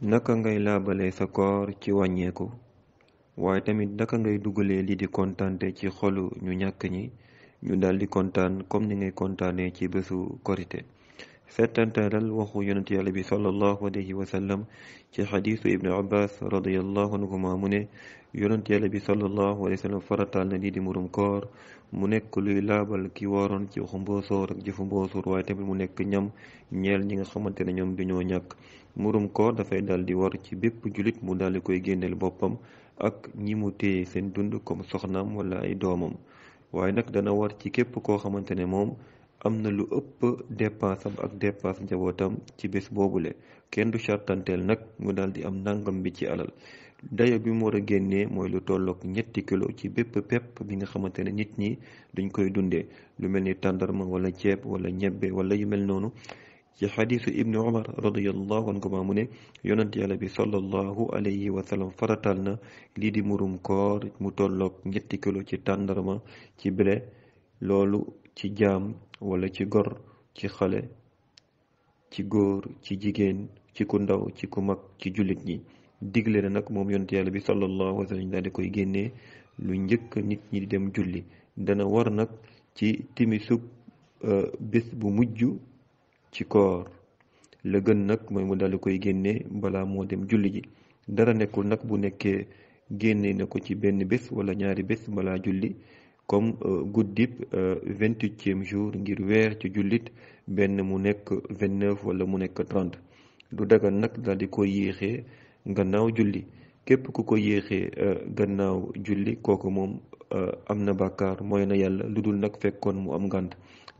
naka ngay laabalee sa koor ci wàññeeku waaye tamit naka ngay dugalee li di kontaante ci xolu ñu ñàkk ñi ñu daldi kontaan comme ni ngay kontaanee ci bésu korite settantaalal waxu yonent yàlla bi sallallahu alayhi wa sallam ci xadiisu ibnu abbas radiallahu anhuma mu ne yonent yàlla bi sallallahu alayhi wa sallam farataal na lii di murum koor mu nekk luy laabal ki waroon ci waxu mboosoor ak jëfu mboosoor waaye tamit mu nekk ñam ñeel ñi nga xamante ne ñoom dañoo ñàkk murum koor dafay daal di war ci bépp jullit mu daal di koy génneel boppam ak ñi mu téye seen dund comme soxnaam wala ay doomam waaye nag dana war ci koo xamante ne moom am na lu ëpp dépense am ak dépense njabootam ci bés boobu le kenn du chartanteel nag mu daal di am nangam bi ci alal dayo bi mu war a génnee mooy lu tollook ñetti kilo ci bépp pepp bi nga xamante ne nit ñi dañ koy dundee lu mel ni tàndarma wala ceeb wala ñebbe wala yu mel noonu ci xadiisu ibni umar radiallahu anhuma mu ne yonent yàlla bi sallallahu alayhi wa sallam faratal na lii di murum koor mu tollook ñetti kilo ci tàndarma ci bile loolu ci jaam wala ci gor ci xale ci góor ci jigéen ci ku ndaw ci ku mag ci jullit ñi digle na nag moom yonent yàlla bi sallallahu alayhi wa sallam daal di koy génne lu njëkk nit ñi dem julli dana war nag ci timisub euh, bés bu mujj ci koor la gën nag mooy mu daal koy génne balaa moo dem julli ji dara nekkul nag bu nekkee génne na ko ci benn bés wala ñaari bés balaa julli comme euh, guddib euh, vingt-huitième jour ngir weer ci jullit benn mu nekk vingt-neuf wala mu nekk trente du dagan nag daal di ko yéexee gannaaw julli képp ku ko yéexee euh, gannaaw julli kooku moom am na bàkkaar mooy na yàlla lu dul nag kon mu am ngant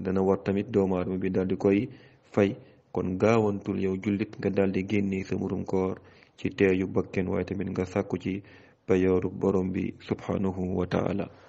dana war tamit doomu aadama bi daal di koy fay kon gaawantul yow jullit nga daal di génne sa murum koor ci teeyu bakken waaye tamit nga sakku ci payooru borom bi subhanahu wa taala